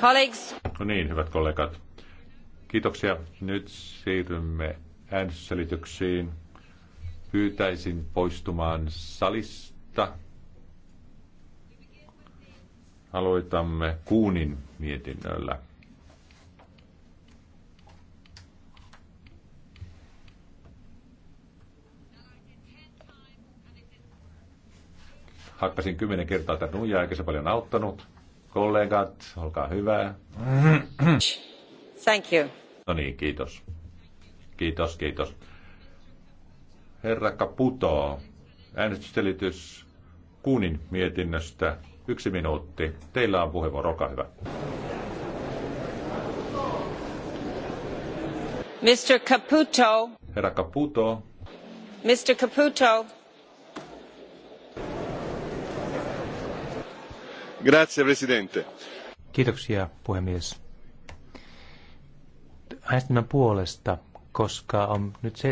Colleagues. No niin, hyvät kollegat. Kiitoksia. Nyt siirrymme äänestyselityksiin. Pyytäisin poistumaan salista. Aloitamme Kuunin mietinnöllä. hakkasin kymmenen kertaa tätä nuijaa, eikä se paljon auttanut. Kollegat, olkaa hyvä. Thank you. No niin, kiitos. Kiitos, kiitos. Herra Caputo, äänestyselitys Kuunin mietinnöstä. Yksi minuutti. Teillä on puheenvuoro, olkaa hyvä. Mr. Caputo. Herra Caputo. Mr. Caputo. Grazie, presidente. Kiitoksia, puhemies. puolesta, koska on nyt